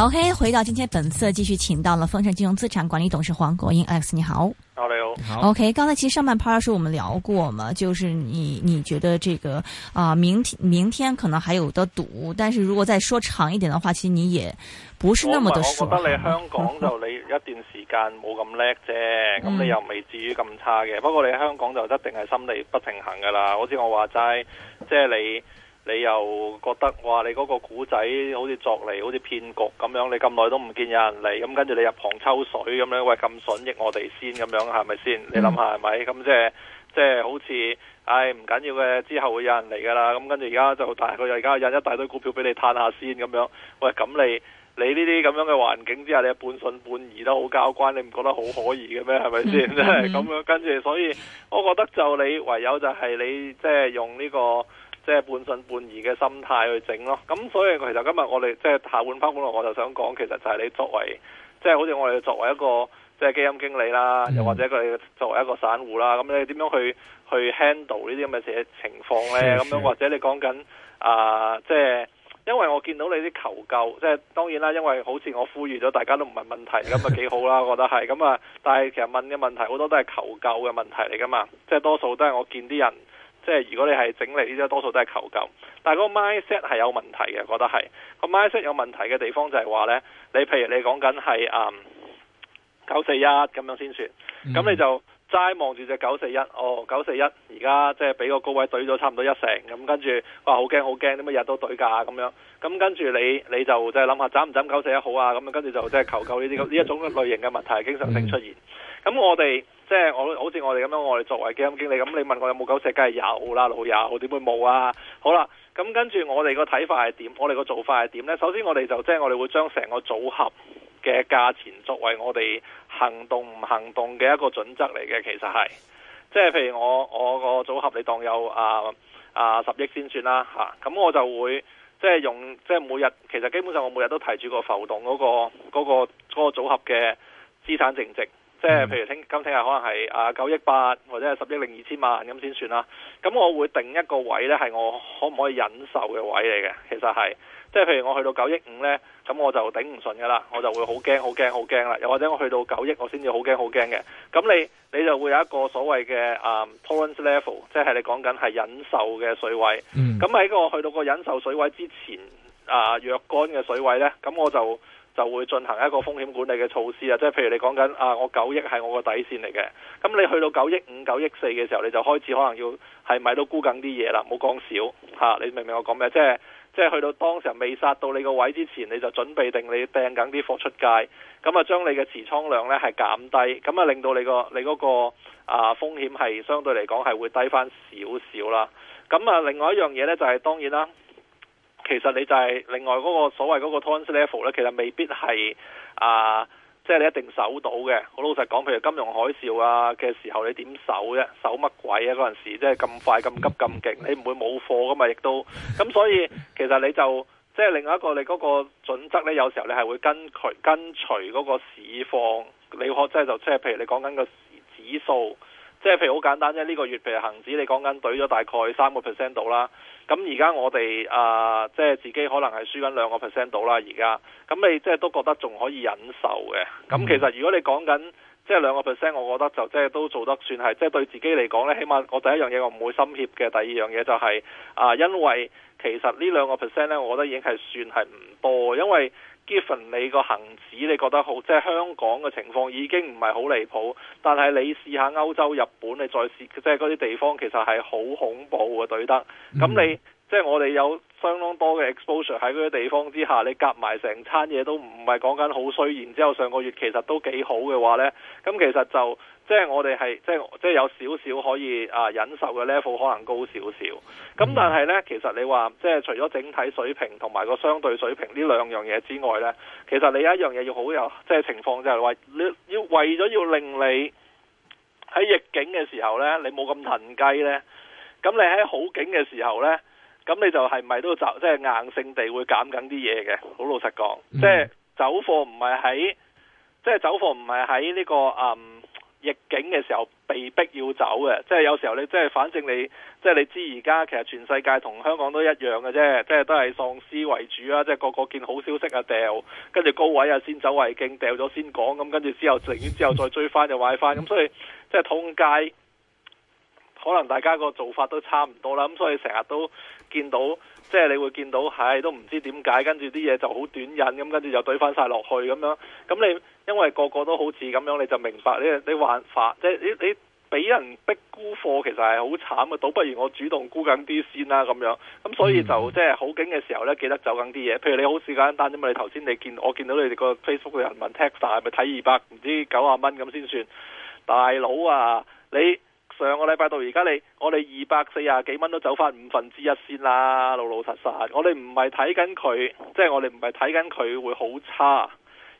OK，回到今天本色，本次繼續請到了豐盛金融資產管理董事黃國英 X，你好。你好。好。OK，剛才其實上半 part 時候我們聊過嘛，就是你你覺得這個啊、呃，明天明天可能還有得賭，但是如果再說長一點的話，其實你也不是那麼的熟。我覺得你香港就你一段時間冇咁叻啫，咁、嗯、 你又未至於咁差嘅。不過你香港就一定係心理不平衡噶啦，好似我話齋，即、就、係、是、你。你又覺得哇！你嗰個古仔好似作嚟，好似騙局咁樣。你咁耐都唔見有人嚟，咁跟住你入旁抽水咁樣。喂，咁筍益我哋先咁樣，係咪先？你諗下、即係即係唉、係咪？咁即係即係好似，唉唔緊要嘅，之後會有人嚟㗎啦。咁跟住而家就大佢概而家引一大堆股票俾你嘆下先咁樣。喂，咁你你呢啲咁樣嘅環境之下，你半信半疑都好交關，你唔覺得好可疑嘅咩？係咪先？咁樣、嗯、 跟住，所以我覺得就你唯有就係你即係、即係、用呢、呢個。即係半信半疑嘅心態去整咯，咁所以其實今日我哋即係下半翻盤落，我就想講其實就係你作為即係好似我哋作為一個即係基金經理啦，嗯、又或者佢作為一個散戶啦，咁你點樣去去 handle 呢啲咁嘅情情況呢？咁樣是或者你講緊啊、呃，即係因為我見到你啲求救，即係當然啦，因為好似我呼籲咗大家都唔係問,問題咁啊幾好啦， 我覺得係咁啊，但係其實問嘅問題好多都係求救嘅問題嚟噶嘛，即係多數都係我見啲人。即係如果你係整理呢啲，多數都係求救，但係個 mindset 係有問題嘅，覺得係個 mindset 有問題嘅地方就係話呢：你譬如你講緊係誒九四一咁樣先算，咁、嗯、你就齋望住隻九四一，哦九四一而家即係俾個高位對咗差唔多一成，咁跟住嘩好驚好驚，乜日都對價咁樣？咁跟住你你就即係諗下斬唔斬九四一好啊？咁啊跟住就即係求救呢啲呢一種類型嘅問題經常性出現，咁、嗯嗯、我哋。即係我好似我哋咁樣，我哋作為基金經理咁，你問我有冇九石，梗係有啦，老友點會冇啊？好啦，咁跟住我哋個睇法係點？我哋個做法係點呢？首先我哋就即係、就是、我哋會將成個組合嘅價錢作為我哋行動唔行動嘅一個準則嚟嘅，其實係即係譬如我我個組合你當有啊啊十億先算啦嚇，咁、啊嗯、我就會即係用即係每日其實基本上我每日都提住個浮動嗰、嗰個嗰、嗰個嗰個嗰個組合嘅資產淨值。即係譬如聽今聽日可能係啊、呃、九億八或者係十億零二千萬咁先算啦。咁我會定一個位呢，係我可唔可以忍受嘅位嚟嘅，其實係。即係譬如我去到九億五呢，咁我就頂唔順噶啦，我就會好驚好驚好驚啦。又或者我去到九億，我先至好驚好驚嘅。咁你你就會有一個所謂嘅啊 tolerance level，即係你講緊係忍受嘅水位。嗯。咁喺個去到個忍受水位之前啊，若干嘅水位呢，咁我就。就會進行一個風險管理嘅措施啊！即係譬如你講緊啊，我九億係我個底線嚟嘅。咁你去到九億五、九億四嘅時候，你就開始可能要係咪都沽緊啲嘢啦，唔好講少嚇。你明唔明我講咩？即係即係去到當時未殺到你個位之前，你就準備定你掟緊啲貨出街，咁啊將你嘅持倉量呢係減低，咁啊令到你個你嗰、嗰個、啊風險係相對嚟講係會低翻少少啦。咁啊，另外一樣嘢呢，就係、係、當然啦。其實你就係另外嗰個所謂嗰個 tone level 咧，其實未必係啊，即、呃、係、就是、你一定守到嘅。好老實講，譬如金融海嘯啊嘅時候你，你點守啫？守乜鬼啊？嗰陣時即係咁快、咁急、咁勁，你唔會冇貨噶嘛？亦都咁，所以其實你就即係、就是、另外一個你嗰個準則咧，有時候你係會跟隨跟隨嗰個市況。你可即係就即係、就是、譬如你講緊個指數。即係譬如好簡單啫，呢、這個月譬如恒指你講緊賄咗大概三個 percent 度啦，咁而家我哋啊、呃，即係自己可能係輸緊兩個 percent 度啦，而家，咁你即係都覺得仲可以忍受嘅，咁、嗯、其實如果你講緊。即係兩個 percent，我覺得就即係、就是、都做得算係，即、就、係、是、對自己嚟講呢，起碼我第一樣嘢我唔會心怯嘅。第二樣嘢就係、是、啊，因為其實呢兩個 percent 呢，我覺得已經係算係唔多。因為 given 你個恆指，你覺得好，即、就、係、是、香港嘅情況已經唔係好離譜。但係你試下歐洲、日本，你再試，即係嗰啲地方其實係好恐怖嘅對得。咁你。嗯即係我哋有相當多嘅 exposure 喺嗰啲地方之下，你夾埋成餐嘢都唔係講緊好衰，然之後上個月其實都幾好嘅話呢，咁其實就即係我哋係即係即係有少少可以啊忍受嘅 level 可能高少少，咁但係呢，其實你話即係除咗整體水平同埋個相對水平呢兩樣嘢之外呢，其實你有一樣嘢要好有即係情況就係話你要為咗要令你喺逆境嘅時候呢，你冇咁騰雞呢。咁你喺好景嘅時候呢。咁、嗯、你就係咪都走？即係硬性地會減緊啲嘢嘅，好老實講。即係走貨唔係喺，即係走貨唔係喺呢個嗯逆境嘅時候被逼要走嘅。即係有時候你即係反正你即係你知而家其實全世界同香港都一樣嘅啫，即係都係喪屍為主啊！即係個個見好消息啊掉，跟住高位啊先走為敬，掉咗先講咁， 是 跟住之後寧願之後再追翻又壞翻，咁所以即係通街。可能大家個做法都差唔多啦，咁、嗯、所以成日都見到，即係你會見到，係、哎、都唔知點解，跟住啲嘢就好短引，咁跟住又堆翻晒落去咁樣。咁、嗯、你、嗯嗯、因為個個都好似咁樣，你就明白咧，你玩法即係你你俾人逼沽貨，其實係好慘啊，倒不如我主動沽緊啲先啦，咁樣。咁、嗯、所以就即係好景嘅時候呢，記得走緊啲嘢。譬如你好簡單啫嘛，因為你頭先你見我見到你哋個 Facebook 嘅人問 Tesla 係咪睇二百唔知九啊蚊咁先算？大佬啊，你～你上個禮拜到而家，你我哋二百四廿幾蚊都走翻五分之一先啦，老老實實。我哋唔係睇緊佢，即係我哋唔係睇緊佢會好差，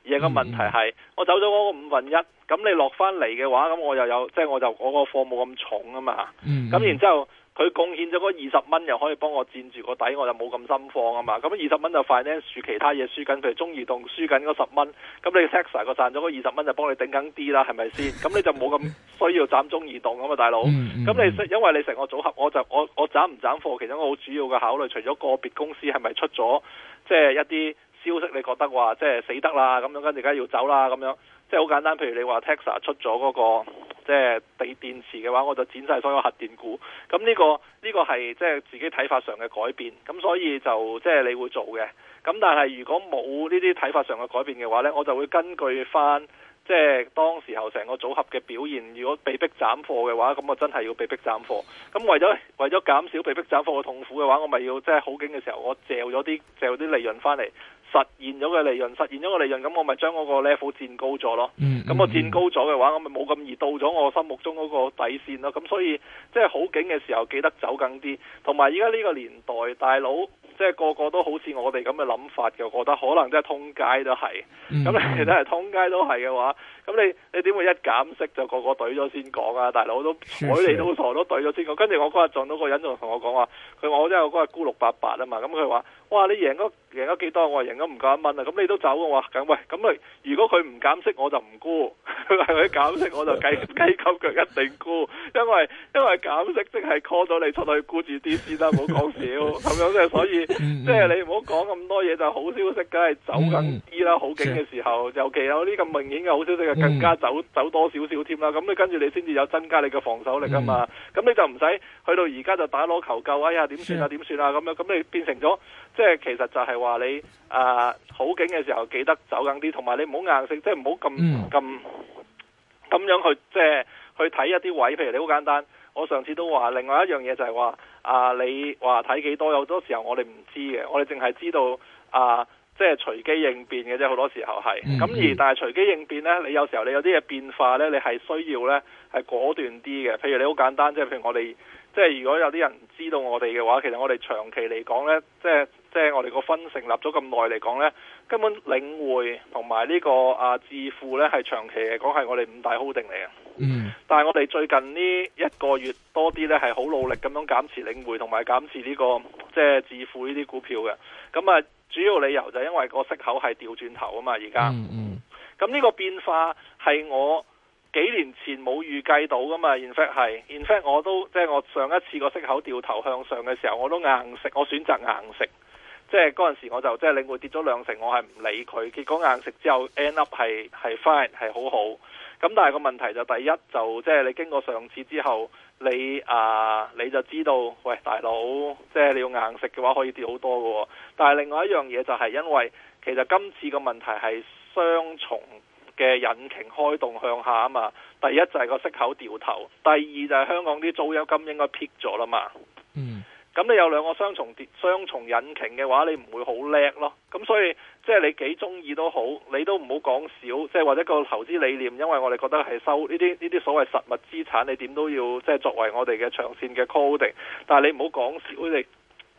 而係個問題係、嗯嗯、我走咗嗰個五分一，咁你落翻嚟嘅話，咁我又有即係我就我個貨冇咁重啊嘛，咁、嗯嗯嗯、然之後。佢貢獻咗嗰二十蚊，又可以幫我佔住個底，我就冇咁心慌啊嘛。咁二十蚊就快呢，輸其他嘢輸緊，譬如中移動輸緊嗰十蚊，咁你 text 埋個賺咗嗰二十蚊就幫你頂緊啲啦，係咪先？咁你就冇咁需要斬中移動咁嘛大佬。咁 你因為你成個組合，我就我我斬唔斬貨，其中一個好主要嘅考慮，除咗個別公司係咪出咗即係一啲消息，你覺得話即係死得啦咁樣，跟住而家要走啦咁樣。即係好簡單，譬如你話 Texas 出咗嗰、那個即係地電池嘅話，我就剪曬所有核電股。咁呢、這個呢、這個係即係自己睇法上嘅改變。咁所以就即係你會做嘅。咁但係如果冇呢啲睇法上嘅改變嘅話呢，我就會根據翻。即係當時候成個組合嘅表現，如果被逼斬貨嘅話，咁我真係要被逼斬貨。咁為咗為咗減少被逼斬貨嘅痛苦嘅話，我咪要即係好景嘅時候，我借咗啲借咗啲利潤翻嚟，實現咗個利潤，實現咗個利潤，咁我咪將嗰個 level 佔高咗咯。咁、嗯嗯、我佔高咗嘅話，我咪冇咁易到咗我心目中嗰個底線咯。咁所以即係好景嘅時候，記得走緊啲。同埋而家呢個年代，大佬。即係個個都好似我哋咁嘅諗法嘅，覺得可能真係通街都係。咁你真係通街都係嘅話，咁你你點會一減息就個個對咗先講啊？大佬都睬是是 你都傻都對咗先講。跟住我嗰日撞到個人仲同我講話，佢話我真係嗰日沽六八八啊嘛。咁佢話。哇！你贏咗贏咗幾多？我話贏咗唔夠一蚊啊！咁、嗯、你都走嘅話，咁喂咁咪？如果佢唔減息，我就唔沽；沽；係佢減息我就計計勾腳一定沽。」因為因為減息即係 call 咗你出去沽住啲 先啦，唔好講少咁樣啫。所以即係你唔好講咁多嘢，就好消息梗係走緊啲啦。好景嘅時候，尤其有呢咁明顯嘅好消息，更加走 更加走，走多少少添啦。咁你跟住你先至有增加你嘅防守力啊嘛。咁你就唔使去到而家就打攞求救。哎呀點算啊，點算啊咁樣。咁你變成咗。即係其實就係話你啊好景嘅時候記得走緊啲，同埋你唔好硬性，即係唔好咁咁咁樣去即係去睇一啲位。譬如你好簡單，我上次都話另外一樣嘢就係話啊，你話睇幾多，有好多時候我哋唔知嘅，我哋淨係知道啊，即係隨機應變嘅啫。好多時候係咁、mm hmm. 而，但係隨機應變呢，你有時候你有啲嘢變化呢，你係需要呢，係果斷啲嘅。譬如你好簡單，即係譬如我哋。即係如果有啲人知道我哋嘅話，其實我哋長期嚟講呢，即係即係我哋個分成立咗咁耐嚟講呢，根本領匯同埋呢個啊置富呢係長期嚟講係我哋五大 holding 嚟嘅。嗯。但係我哋最近呢一個月多啲呢係好努力咁樣減持領匯同埋減持呢、這個即係置富呢啲股票嘅。咁啊，主要理由就係因為個息口係掉轉頭啊嘛，而家。嗯。嗯。咁呢個變化係我。幾年前冇預計到噶嘛，in fact 係，in fact 我都即係我上一次個息口掉頭向上嘅時候，我都硬食，我選擇硬食。即係嗰陣時我就即係領匯跌咗兩成，我係唔理佢。結果硬食之後，end up 係係 fine 係好好。咁但係個問題就第一就即係你經過上次之後，你啊你就知道，喂大佬，即係你要硬食嘅話可以跌好多嘅。但係另外一樣嘢就係因為其實今次個問題係雙重。嘅引擎開動向下啊嘛，第一就係個息口掉頭，第二就係香港啲租油金應該撇咗啦嘛。嗯，咁你有兩個雙重雙重引擎嘅話，你唔會好叻咯。咁所以即係你幾中意都好，你都唔好講少。即係或者個投資理念，因為我哋覺得係收呢啲呢啲所謂實物資產，你點都要即係作為我哋嘅長線嘅 coding。但係你唔好講少，你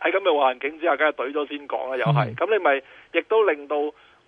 喺咁嘅環境之下，梗係懟咗先講啦，嗯、又係。咁你咪亦都令到。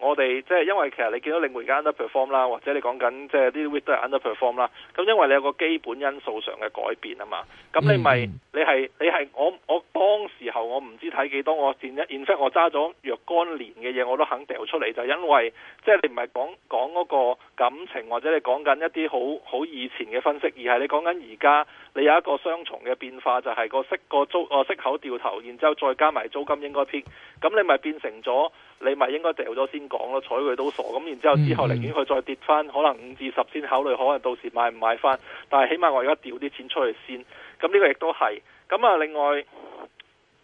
我哋即係因為其實你見到另外間 underperform 啦，或者你講緊即係啲 with 都係 underperform 啦。咁因為你有個基本因素上嘅改變啊嘛。咁你咪你係你係我我當時候我唔知睇幾多，我變一，in fact, 我揸咗若干年嘅嘢我都肯掉出嚟，就係、因為即係、就係、你唔係講講嗰個感情，或者你講緊一啲好好以前嘅分析，而係你講緊而家。你有一個雙重嘅變化，就係、是、個息個租啊、呃、息口掉頭，然之後再加埋租金應該偏，咁你咪變成咗，你咪應該掉咗先講咯，睬佢都傻。咁然之後之後寧願佢再跌翻，可能五至十先考慮，可能到時買唔買翻，但係起碼我而家掉啲錢出去先。咁、這、呢個亦都係。咁啊，另外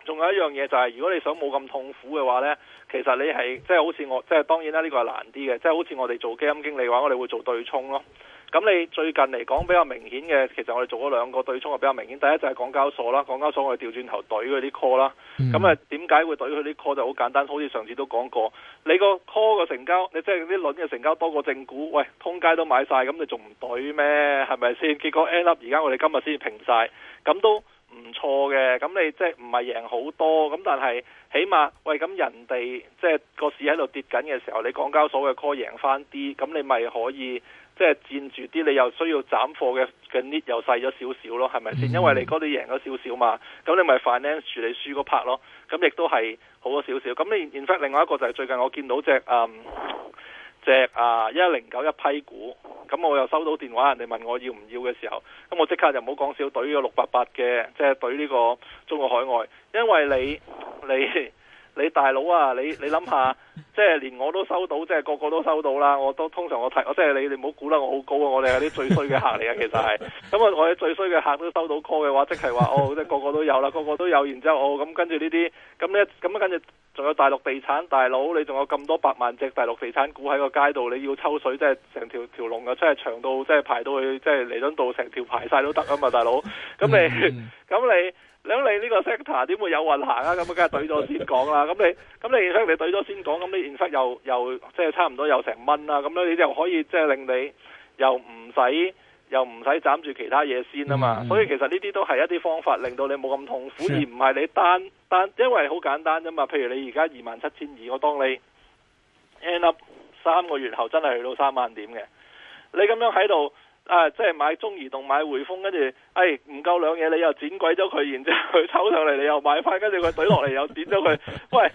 仲有一樣嘢就係、是，如果你想冇咁痛苦嘅話呢，其實你係即係好似我，即、就、係、是、當然啦，呢、這個係難啲嘅，即、就、係、是、好似我哋做基金經理嘅話，我哋會做對沖咯。咁你最近嚟講比較明顯嘅，其實我哋做咗兩個對沖，係比較明顯。第一就係港交所啦，港交所我哋調轉頭懟嗰啲 call 啦、嗯。咁啊，點解會懟佢啲 call？就好簡單，好似上次都講過，你個 call 個成交，你即係啲輪嘅成交多過正股，喂，通街都買晒，咁你仲唔懟咩？係咪先？結果 end up 而家我哋今日先平晒。咁都，唔錯嘅，咁你即係唔係贏好多，咁但係起碼喂，咁人哋即係個市喺度跌緊嘅時候，你港交所嘅 call 贏翻啲，咁你咪可以即係佔住啲，你又需要斬貨嘅，嘅 net 又細咗少少咯，係咪先？嗯嗯，因為你嗰啲贏咗少少嘛，咁你咪 finance 處理輸嗰 part 咯，咁亦都係好咗少少。咁你，in fact，另外一個就係最近我見到隻誒。嗯隻啊一零九一批股，咁我又收到電話，人哋問我要唔要嘅時候，咁我即刻就冇講笑，對呢個六八八嘅，即係對呢個中國海外，因為你你。你大佬啊，你你諗下，即係連我都收到，即係個，個個都收到啦。我都通常我睇，我即係你，你唔好估得我好高啊！我哋係啲最衰嘅客嚟啊，其實係。咁啊，我哋最衰嘅客都收到 call 嘅話，即係話哦，即係個個都有啦，個個都有。然之後我咁、哦、跟住呢啲，咁咧咁跟住仲有大陸地產大佬，你仲有咁多百萬隻大陸地產股喺個街度，你要抽水，即係成條條龍啊，即係長到即係排到去，即係嚟到度成條排晒都得啊嘛，大佬。咁你咁你。咁你呢個 sector 點會有運行啊？咁梗係懟咗先講啦。咁 你咁你你懟咗先講，咁你現實又又即係差唔多有又成蚊啦。咁咧，你就可以即係令你又唔使又唔使斬住其他嘢先、嗯、啊嘛。所以其實呢啲都係一啲方法，令到你冇咁痛苦，的而唔係你單單因為好簡單啫嘛。譬如你而家二萬七千二，我當你 end up 三個月後真係去到三萬點嘅，你咁樣喺度。啊！即係買中移動、買匯豐，跟住誒唔夠兩嘢，你又剪鬼咗佢，然之後佢抽上嚟，你又買返，跟住佢懟落嚟又剪咗佢。喂！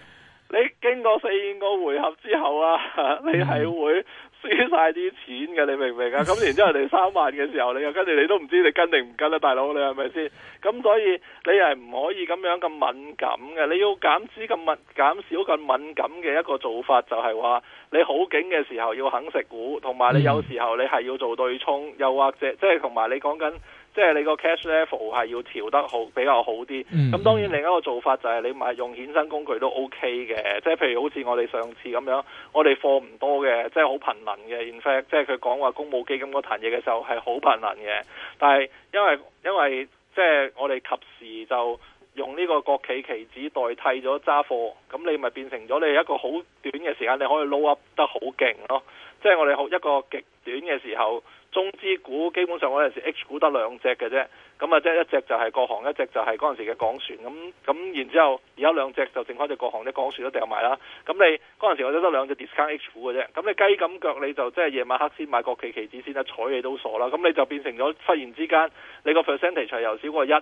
你經過四個回合之後啊，你係會，嗯輸晒啲錢嘅，你明唔明啊？咁然之後你三萬嘅時候，你又跟住你，你都唔知你跟定唔跟啦，大佬你係咪先？咁所以你係唔可以咁樣咁敏感嘅，你要減少咁敏，減少咁敏感嘅一個做法就係話，你好景嘅時候要肯食股，同埋你有時候你係要做對沖，又或者即係同埋你講緊。即係你個 cash level 係要調得好比較好啲。咁、mm hmm. 當然另一個做法就係你買用衍生工具都 OK 嘅。即係譬如好似我哋上次咁樣，我哋貨唔多嘅，即係好頻能嘅。in fact，即係佢講話公募基金嗰壇嘢嘅時候係好頻能嘅。但係因為因為即係我哋及時就用呢個國企期指代替咗揸貨，咁你咪變成咗你一個好短嘅時間你可以攞得好勁咯。即係我哋好一個極短嘅時候。中資股基本上我有陣時 H 股得兩隻嘅啫，咁啊即係一隻就係國航，一隻就係嗰陣時嘅港船。咁咁然之後而家兩隻就剩翻隻國航、隻、那個、港船都掟埋啦。咁你嗰陣時我只得兩隻 discount H 股嘅啫，咁你雞咁腳你就即係夜晚黑先買國企期指先啦，睬你都傻啦。咁你就變成咗忽然之間你個 percentage 又少過一。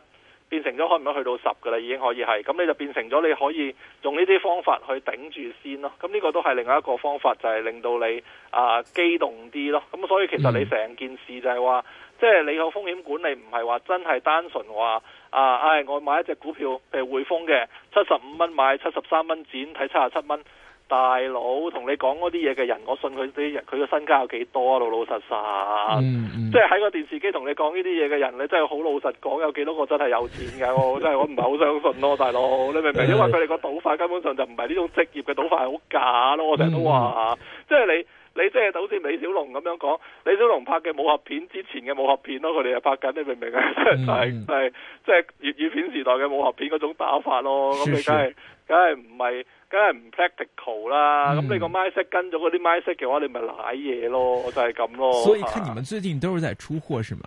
變成咗可唔可以去到十嘅啦，已經可以係，咁你就變成咗你可以用呢啲方法去頂住先咯。咁呢個都係另外一個方法，就係令到你啊，呃，機動啲咯。咁所以其實你成件事就係話，即係你個風險管理唔係話真係單純話啊，唉、呃哎，我買一隻股票，譬如匯豐嘅七十五蚊買七十三蚊，展，睇七十七蚊。大佬同你講嗰啲嘢嘅人，我信佢啲人，佢個身家有幾多啊？老老實實，即係喺個電視機同你講呢啲嘢嘅人，你真係好老實講，有幾多個真係有錢㗎？我真係我唔係好相信咯，大佬，你明唔明？嗯、因為佢哋個賭法根本上就唔係呢種職業嘅賭法，係好假咯。我成日都話，即係、嗯、你，你即係好似李小龍咁樣講，李小龍拍嘅武俠片之前嘅武俠片咯，佢哋係拍緊，你明唔明？係係即係粵語片時代嘅武俠片嗰種打法咯，咁你梗係梗係唔係？梗係唔 practical 啦，咁你個 mindset 跟咗嗰啲 mindset 嘅話，你咪舐嘢咯，就係、是、咁咯。所以睇你們最近都是在出貨是嗎？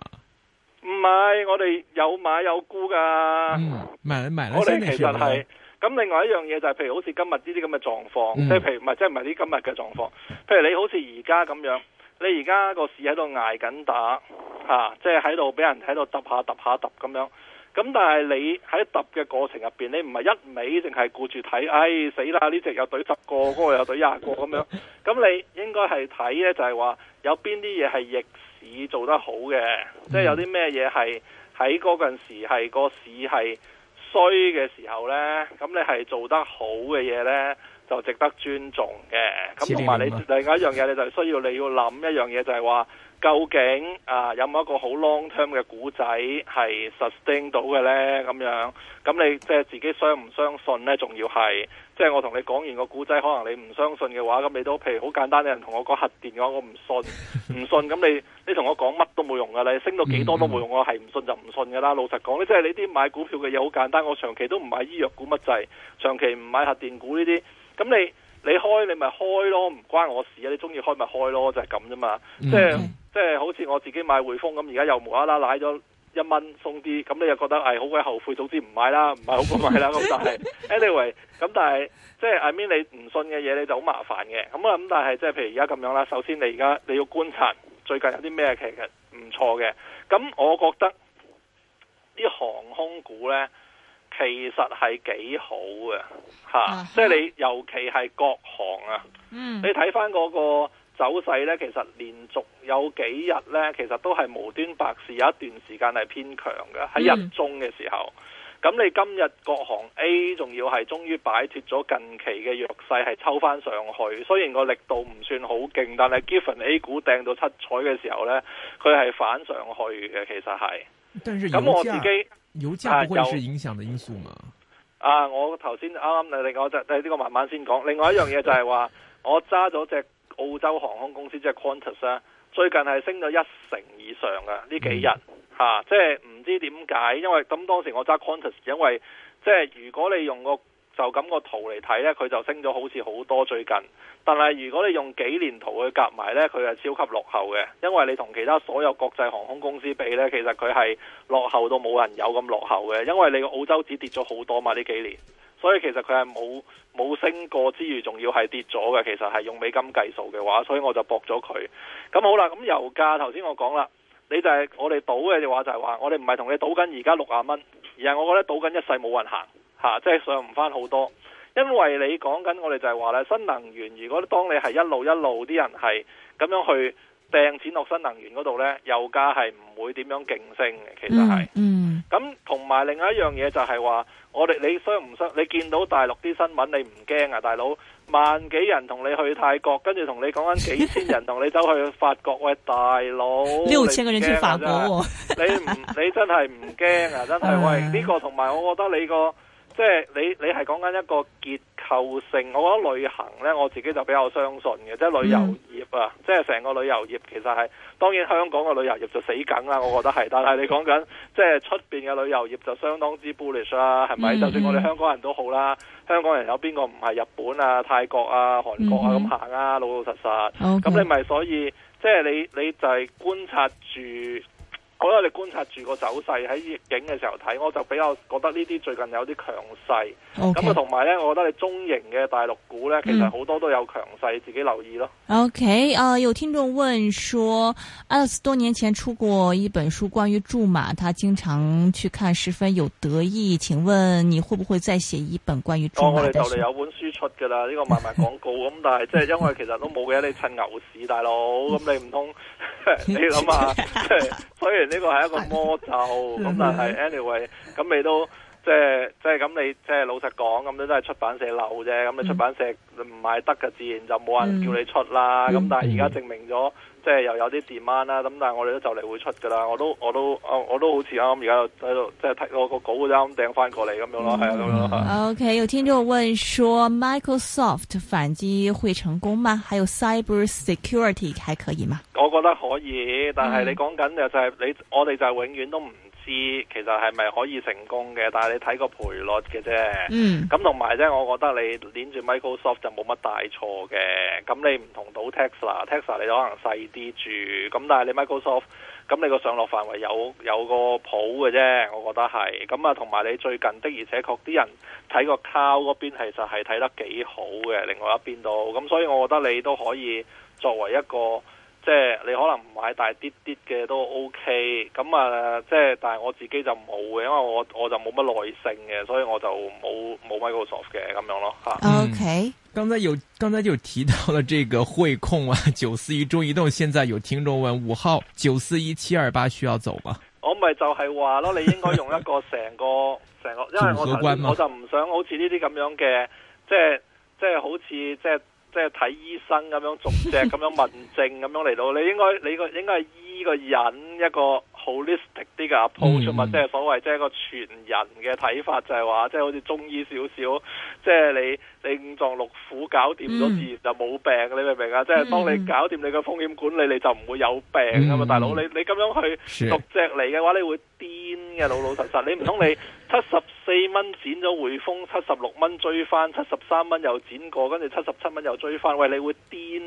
唔係、啊，我哋有買有沽噶。唔係、嗯、我哋其實係咁。另外一樣嘢就係、是，譬如好似今日呢啲咁嘅狀況，即係、嗯、譬如唔係，即係唔係啲今日嘅狀況。譬如你好似而家咁樣，你而家個市喺度捱緊打吓，即係喺度俾人喺度揼下揼下揼咁樣。咁但係你喺揼嘅過程入邊，你唔係一味淨係顧住睇，唉，死啦！呢隻有隊十個，嗰、那個有隊廿個咁樣。咁你應該係睇呢，就係、是、話有邊啲嘢係逆市做得好嘅，嗯、即係有啲咩嘢係喺嗰陣時係個市係衰嘅時候呢。咁你係做得好嘅嘢呢，就值得尊重嘅。咁同埋你，你另外一樣嘢，你就需要你要諗一樣嘢，就係話。究竟啊，有冇一個好 long term 嘅故仔係 sustain 到嘅呢？咁樣咁你即係自己相唔相信呢？仲要係即係我同你講完個故仔，可能你唔相信嘅話，咁你都譬如好簡單，嘅人同我講核電嘅話，我唔信，唔信。咁你你同我講乜都冇用噶你升到幾多都冇用，mm hmm. 我係唔信就唔信噶啦。老實講你即係你啲買股票嘅嘢好簡單，我長期都唔買醫藥股乜滯，長期唔買核電股呢啲，咁你。你開你咪開咯，唔關我事啊！你中意開咪開咯，就係咁啫嘛。即係、mm hmm. 即係，好似我自己買匯豐咁，而家又無啦啦拉咗一蚊鬆啲，咁你又覺得誒、哎，好鬼後悔，早知唔買啦，唔係好過買啦。咁但係 ，anyway，咁但係即係 I mean, 你唔信嘅嘢你就好麻煩嘅。咁啊，咁但係即係譬如而家咁樣啦。首先你而家你要觀察最近有啲咩其實唔錯嘅。咁我覺得啲航空股呢。其實係幾好嘅，吓，即係你尤其係國航啊，嗯、你睇翻嗰個走勢呢，其實連續有幾日呢，其實都係無端白事，有一段時間係偏強嘅，喺日中嘅時候。咁、嗯、你今日國航 A 仲要係終於擺脫咗近期嘅弱勢，係抽翻上去。雖然個力度唔算好勁，但係 Giffen A 股掟到七彩嘅時候呢，佢係反上去嘅。其實係，咁我自己。油價會唔會係影響的因素嗎？啊，我頭先啱啱另外就喺呢個慢慢先講。另外一樣嘢就係話， 我揸咗隻澳洲航空公司即係 Qantas 啊，最近係升咗一成以上嘅呢幾日吓、嗯啊，即係唔知點解，因為咁當時我揸 Qantas，因為即係如果你用個。.就咁個圖嚟睇呢，佢就升咗好似好多最近。但係如果你用幾年圖去夾埋呢，佢係超級落後嘅，因為你同其他所有國際航空公司比呢其實佢係落後到冇人有咁落後嘅。因為你個澳洲隻跌咗好多嘛，呢幾年，所以其實佢係冇冇升過之餘，仲要係跌咗嘅。其實係用美金計數嘅話，所以我就博咗佢。咁好啦，咁油價頭先我講啦，你就係我哋賭嘅話就係話，就是、我哋唔係同你賭緊而家六呀蚊，而係我覺得賭緊一世冇人行。啊，即係上唔翻好多，因為你講緊我哋就係話咧，新能源如果當你係一路一路啲人係咁樣去掟錢落新能源嗰度呢，油價係唔會點樣勁升嘅，其實係、嗯。嗯。咁同埋另外一樣嘢就係話，我哋你上唔上？你見到大陸啲新聞，你唔驚啊，大佬？萬幾人同你去泰國，跟住同你講緊幾千人同你走去法國， 喂，大佬，你、啊、六千個人去法國， 你你真係唔驚啊？真係喂，呢、呢個同埋，我覺得你個。即係你你係講緊一個結構性，我覺得旅行呢，我自己就比較相信嘅，即係旅遊業啊，mm hmm. 即係成個旅遊業其實係當然香港嘅旅遊業就死梗啦，我覺得係。但係你講緊即係出邊嘅旅遊業就相當之 bullish 啊，係咪？Mm hmm. 就算我哋香港人都好啦，香港人有邊個唔係日本啊、泰國啊、韓國啊咁行啊？老老實實，咁、mm hmm. 你咪所以即係你你就係觀察住。我咧，你觀察住個走勢喺逆境嘅時候睇，我就比較覺得呢啲最近有啲強勢。咁啊，同埋咧，我覺得你中型嘅大陸股咧，其實好多都有強勢，嗯、自己留意咯。O K，啊，有聽眾問說，二十 多年前出過一本書關於駐馬，他經常去看十分有得意。請問，你會不會再寫一本關於駐馬、啊？我哋就嚟有本書出噶啦，呢、呢個賣賣廣告咁，但係即係因為其實都冇嘅，你趁牛市，大佬咁 你唔通？你諗下，所 以 呢個係一個魔咒，咁 但係 anyway，咁你都即係即係咁，即係即係、你即係老實講咁你都係出版社漏啫。咁你出版社唔係得嘅，mm hmm. 自然就冇人叫你出啦。咁、mm hmm. 但係而家證明咗。即係又有啲 demand 啦，咁但係我哋都就嚟會出噶啦，我都我都我都，我都好似啱啱而家喺度，即係睇我個稿啱掟翻過嚟咁樣咯，係啊咁樣咯。OK，有聽眾問說 Microsoft 反擊會成功嗎？還有 cybersecurity 還可以嗎？我覺得可以，但係你講緊嘅就係、是嗯、你我哋就係永遠都唔知其實係咪可以成功嘅？但係你睇個賠率嘅啫。嗯。咁同埋咧，我覺得你連住 Microsoft 就冇乜大錯嘅。咁你唔同到 Tesla，Tesla 你可能細啲住。咁但係你 Microsoft，咁你個上落範圍有有個譜嘅啫。我覺得係。咁啊，同埋你最近的，而且確啲人睇個 Call 嗰邊其實係睇得幾好嘅。另外一邊度。咁所以我覺得你都可以作為一個。即係你可能買大啲啲嘅都 OK，咁啊即係，但係我自己就冇嘅，因為我我就冇乜耐性嘅，所以我就冇冇 Microsoft 嘅咁樣咯吓。OK，剛、嗯、才有剛才就提到了這個匯控啊，九四一中移動，現在有聽眾問五號九四一七二八需要走嗎？我咪就係話咯，你應該用一個成個成 個因為我組合關嘛，我就唔想好似呢啲咁樣嘅，即係即係好似即係。 即係睇醫生咁樣逐隻咁樣問症咁樣嚟到， 你應該你個應該係醫個人一個 holistic 啲嘅 approach 即係所謂即係一個全人嘅睇法、就係，就係、係、話即係好似中醫少少，即係你你五臟六腑搞掂咗，嗯、自然就冇病，你明唔明啊？嗯、即係當你搞掂你個風險管理，你就唔會有病啊、嗯、嘛，大佬，你你咁樣去逐隻嚟嘅話，你會癲嘅，老老，老實實，你唔通你？ 七十四蚊剪咗匯豐，七十六蚊追翻，七十三蚊又剪過，跟住七十七蚊又追翻。喂，你會癲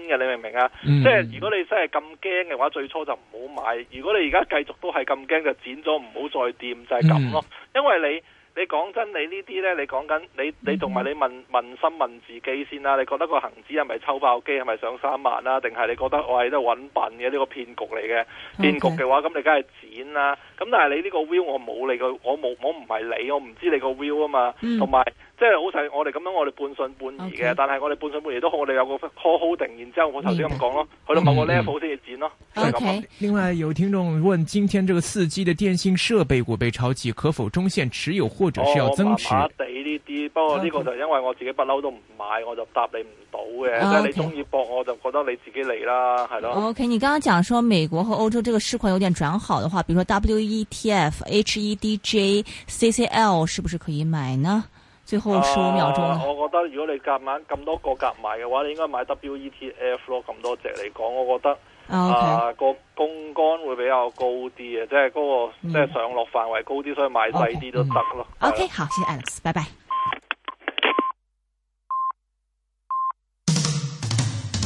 嘅，你明唔明啊？嗯、即係如果你真係咁驚嘅話，最初就唔好買。如果你而家繼續都係咁驚，就剪咗，唔好再掂，就係、是、咁咯。嗯、因為你。你講真，你呢啲呢？你講緊你你同埋你問問心問自己先啦。你覺得個恆指係咪抽爆機？係咪上三萬啦、啊？定係你覺得我係度揾笨嘅呢個騙局嚟嘅？Okay. 騙局嘅話，咁你梗係剪啦。咁但係你呢個 view 我冇你個，我冇我唔係你，我唔知你個 view 啊嘛。同埋、mm.。即係好似，我哋咁樣，我哋半信半疑嘅。Okay. 但係我哋半信半疑都好，我哋有個好好定，然之後我頭先咁講咯，mm hmm. 去到某個 level 先至剪咯。O Okay. K，Okay. 另外有聽眾問，今天這個四 G 的電信設備股被炒起，可否中線持有或者是要增持？我麻麻地呢啲，不過呢個就因為我自己不嬲都唔買，我就答你唔到嘅。Okay. 即係你中意搏，我就覺得你自己嚟啦，係咯。O、okay. K，、okay. 你剛剛講說美國和歐洲這個市況有點轉好的話，比如說 W、F H、E T F、H E D J、C C L，是不是可以買呢？最後十五秒鐘、uh, 我覺得如果你夾硬咁多個夾埋嘅話，你應該買 WETF 咯，咁多隻嚟講，我覺得 Okay. 啊個槓桿會比較高啲嘅，即係嗰、嗰個、嗯、即係上落範圍高啲，所以買細啲都得咯。O K，好，謝謝 Alex，拜拜。